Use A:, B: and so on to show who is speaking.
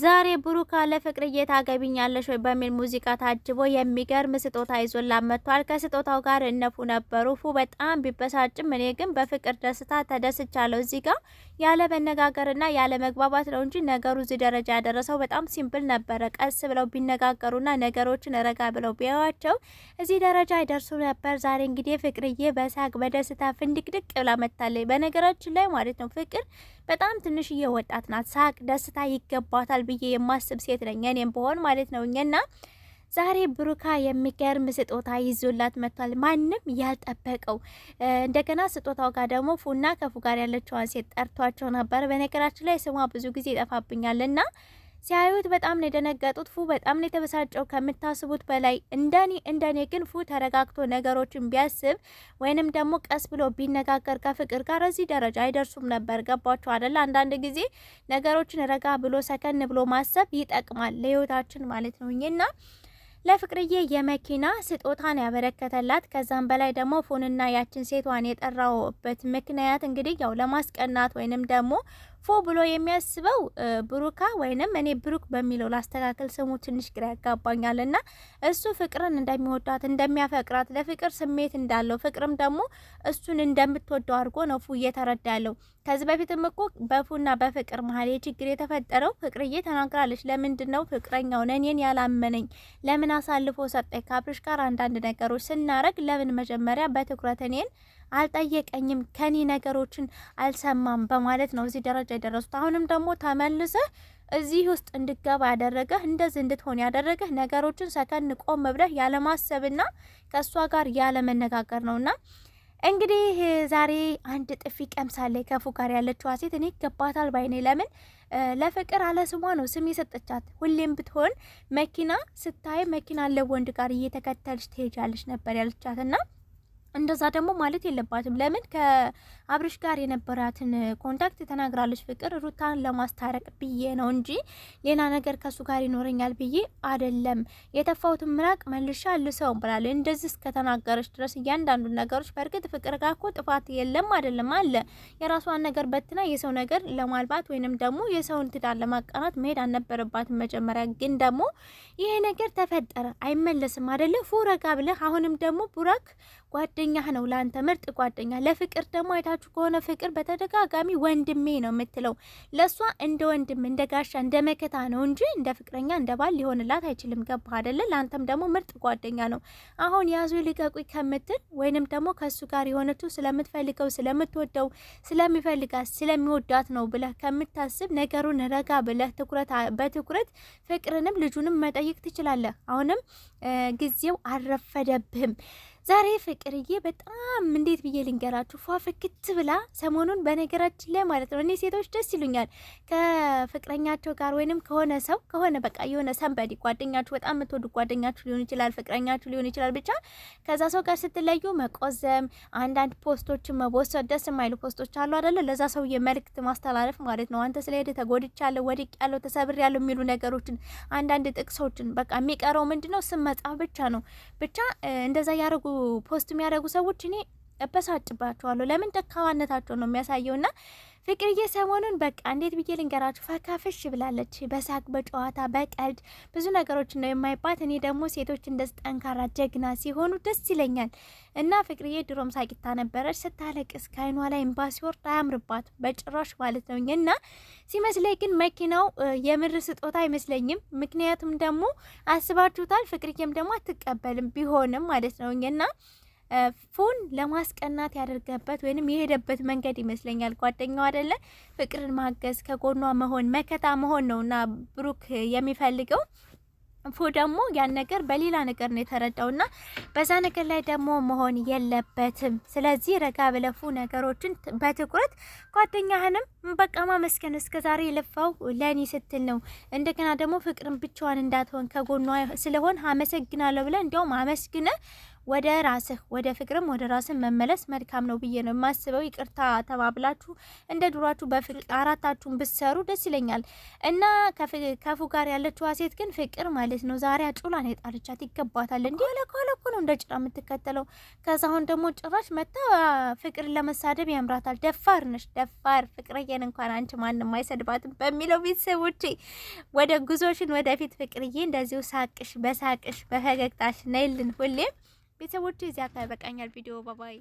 A: ዛሬ ብሩክ አለ ፍቅርዬ ታገቢኛለሽ ወይ በሚል ሙዚቃ ታጅቦ የሚገርም ስጦታ ይዞላት መጥቷል። ከስጦታው ጋር እነፉ ነበሩ። ፉ በጣም ቢበሳጭም እኔ ግን በፍቅር ደስታ ተደስቻለሁ። እዚህ ጋር ያለ መነጋገርና ያለ መግባባት ነው እንጂ ነገሩ እዚህ ደረጃ ያደረሰው በጣም ሲምፕል ነበረ። ቀስ ብለው ቢነጋገሩና ነገሮችን ረጋ ብለው ቢያዋቸው እዚህ ደረጃ ይደርሱ ነበር። ዛሬ እንግዲህ ፍቅርዬ በሳቅ በደስታ ፍንድቅድቅ ብላ መታለች። በነገራችን ላይ ማለት ነው ፍቅር በጣም ትንሽዬ ወጣት ናት። ሳቅ ደስታ ይገባታል ብዬ የማስብ ሴት ነኝ እኔም በሆን ማለት ነው። እኛና ዛሬ ብሩካ የሚገርም ስጦታ ይዞላት መጥቷል። ማንም ያልጠበቀው እንደገና ስጦታው ጋር ደግሞ ፉና ከፉ ጋር ያለችዋን ሴት ጠርቷቸው ነበር። በነገራችን ላይ ስሟ ብዙ ጊዜ ይጠፋብኛል እና ሲያዩት በጣም ነው የደነገጡት። ፉ በጣም ነው የተበሳጨው ከምታስቡት በላይ። እንደኔ እንደኔ ግን ፉ ተረጋግቶ ነገሮችን ቢያስብ ወይንም ደግሞ ቀስ ብሎ ቢነጋገር ከፍቅር ጋር እዚህ ደረጃ አይደርሱም ነበር። ገባችሁ አይደለ? አንዳንድ ጊዜ ነገሮችን ረጋ ብሎ ሰከን ብሎ ማሰብ ይጠቅማል ለህይወታችን ማለት ነው እና ለፍቅርዬ የመኪና ስጦታን ያበረከተላት። ከዛም በላይ ደግሞ ፉንና ያችን ሴቷን የጠራውበት ምክንያት እንግዲህ ያው ለማስቀናት ወይንም ደግሞ ፎ ብሎ የሚያስበው ብሩካ ወይንም እኔ ብሩክ በሚለው ላስተካከል፣ ስሙ ትንሽ ግራ ያጋባኛል። እና እሱ ፍቅርን እንደሚወዳት እንደሚያፈቅራት፣ ለፍቅር ስሜት እንዳለው ፍቅርም ደግሞ እሱን እንደምትወደው አድርጎ ነው ፉ እየተረዳ ያለው። ከዚህ በፊትም እኮ በፉና በፍቅር መሀል የችግር የተፈጠረው ፍቅርዬ ተናግራለች። ለምንድን ነው ፍቅረኛውን እኔን ያላመነኝ? ለምን አሳልፎ ሰጠኝ? ከአብርሽ ጋር አንዳንድ ነገሮች ስናረግ ለምን መጀመሪያ በትኩረት እኔን አልጠየቀኝም፣ ከኔ ነገሮችን አልሰማም በማለት ነው እዚህ ደረጃ የደረሱት። አሁንም ደግሞ ተመልሰህ እዚህ ውስጥ እንድገባ ያደረገህ እንደዚህ እንድትሆን ያደረገህ ነገሮችን ሰከን ቆም ብለህ ያለማሰብና ከእሷ ጋር ያለመነጋገር ነውና እንግዲህ ዛሬ አንድ ጥፊ ቀምሳለች ከፉ ጋር ያለችዋ ሴት። እኔ ይገባታል ባይኔ። ለምን ለፍቅር አለ ስሟ ነው ስም የሰጠቻት። ሁሌም ብትሆን መኪና ስታይ መኪና አለ ወንድ ጋር እየተከተልች ትሄጃለች ነበር ያለቻትና እንደዛ ደግሞ ማለት የለባትም። ለምን ከአብርሽ ጋር የነበራትን ኮንታክት ተናግራለች። ፍቅር ሩታን ለማስታረቅ ብዬ ነው እንጂ ሌላ ነገር ከሱ ጋር ይኖረኛል ብዬ አደለም። የተፋሁትን ምራቅ መልሻ ልሰው ብላል። እንደዚህ እስከተናገረች ድረስ እያንዳንዱ ነገሮች በእርግጥ ፍቅር ጋር እኮ ጥፋት የለም አደለም አለ። የራሷን ነገር በትና የሰው ነገር ለማልባት ወይንም ደግሞ የሰውን ትዳር ለማቃናት መሄድ አልነበረባትም መጀመሪያ። ግን ደግሞ ይሄ ነገር ተፈጠረ አይመለስም አደለ ፉረጋ ብለህ አሁንም ደግሞ ቡራክ ጓደኛህ ነው ለአንተ ምርጥ ጓደኛ። ለፍቅር ደግሞ አይታችሁ ከሆነ ፍቅር በተደጋጋሚ ወንድሜ ነው የምትለው። ለእሷ እንደ ወንድም እንደ ጋሻ እንደ መከታ ነው እንጂ እንደ ፍቅረኛ እንደ ባል ሊሆንላት አይችልም። ገባ አደለ? ለአንተም ደግሞ ምርጥ ጓደኛ ነው። አሁን ያዙ ልቀቁኝ ከምትል ወይንም ደግሞ ከእሱ ጋር የሆነችው ስለምትፈልገው ስለምትወደው ስለሚፈልጋት ስለሚወዳት ነው ብለህ ከምታስብ ነገሩን ረጋ ብለህ ትኩረት በትኩረት ፍቅርንም ልጁንም መጠየቅ ትችላለህ። አሁንም ጊዜው አልረፈደብህም። ዛሬ ፍቅርዬ በጣም እንዴት ብዬ ልንገራችሁ ፏፍክት ብላ ሰሞኑን፣ በነገራችን ላይ ማለት ነው እኔ ሴቶች ደስ ይሉኛል ከፍቅረኛቸው ጋር ወይንም ከሆነ ሰው ከሆነ በቃ የሆነ ሰንበዲ ጓደኛችሁ፣ በጣም የምትወዱ ጓደኛችሁ ሊሆን ይችላል፣ ፍቅረኛችሁ ሊሆን ይችላል። ብቻ ከዛ ሰው ጋር ስትለዩ መቆዘም፣ አንዳንድ ፖስቶችን መቦሰድ፣ ደስ የማይሉ ፖስቶች አሉ አደለ? ለዛ ሰውዬ መልእክት ማስተላለፍ ማለት ነው። አንተ ስለሄደ ተጎድቻለሁ፣ ወድቅ ያለው ተሰብር ያለው የሚሉ ነገሮችን አንዳንድ ጥቅሶችን በቃ የሚቀረው ምንድነው ስም መጻፍ ብቻ ነው። ብቻ እንደዛ ያደርጉ ፖስት የሚያደርጉ ሰዎች እኔ እበሳጭባቸዋለሁ። ለምን ጠካማነታቸው ነው የሚያሳየውና ፍቅርዬ ሰሞኑን በቃ እንዴት ብዬ ልንገራችሁ ፈካፍሽ ብላለች። በሳቅ በጨዋታ በቀልድ ብዙ ነገሮች ነው የማይባት። እኔ ደግሞ ሴቶች እንደዚህ ጠንካራ ጀግና ሲሆኑ ደስ ይለኛል እና ፍቅርዬ ድሮም ሳቂታ ነበረች። ስታለቅስ ከአይኗ ላይ እንባ ሲወርድ አያምርባት በጭራሽ ማለት ነው እና ሲመስለኝ ግን መኪናው የምር ስጦታ አይመስለኝም። ምክንያቱም ደግሞ አስባችሁታል፣ ፍቅርዬም ደግሞ አትቀበልም ቢሆንም ማለት ነው እና ፉን ለማስቀናት ያደርገበት ወይንም የሄደበት መንገድ ይመስለኛል። ጓደኛው አደለ ፍቅርን ማገዝ ከጎኗ መሆን መከታ መሆን እና ብሩክ የሚፈልገው ፉ ደግሞ ያን ነገር በሌላ ነገር ነው የተረዳውና በዛ ነገር ላይ ደግሞ መሆን የለበትም። ስለዚህ ረጋ ብለፉ ነገሮችን በትኩረት ጓደኛህንም በቃ ማመስገን ዛሬ ልፋው ለእኔ ስትል ነው። እንደገና ደግሞ ፍቅርን ብቻዋን እንዳትሆን ከጎኗ ስለሆን አመሰግናለሁ ብለ እንዲያውም አመስግነ ወደ ራስህ ወደ ፍቅርም ወደ ራስህ መመለስ መልካም ነው ብዬ ነው የማስበው። ይቅርታ ተባብላችሁ እንደ ድሯችሁ በፍቅር አራታችሁን ብትሰሩ ደስ ይለኛል እና ከፉ ጋር ያለችዋ ሴት ግን ፍቅር ማለት ነው ዛሬ አጩላ ነው የጣለቻት። ይገባታል እንዲ ለኮለኮ ነው እንደ ጭራ የምትከተለው። ከዛሁን ደግሞ ጭራሽ መታ ፍቅር ለመሳደብ ያምራታል። ደፋር ነሽ ደፋር ፍቅርዬን እንኳን አንቺ ማንም አይሰድባትም በሚለው ቤተሰቦቼ ወደ ጉዞሽን ወደፊት ፍቅርዬ እንደዚሁ ሳቅሽ በሳቅሽ በፈገግታሽ ነይልን ሁሌም ቤተሰቦች እዚያ ጋር ይበቃኛል። ቪዲዮ ባባይ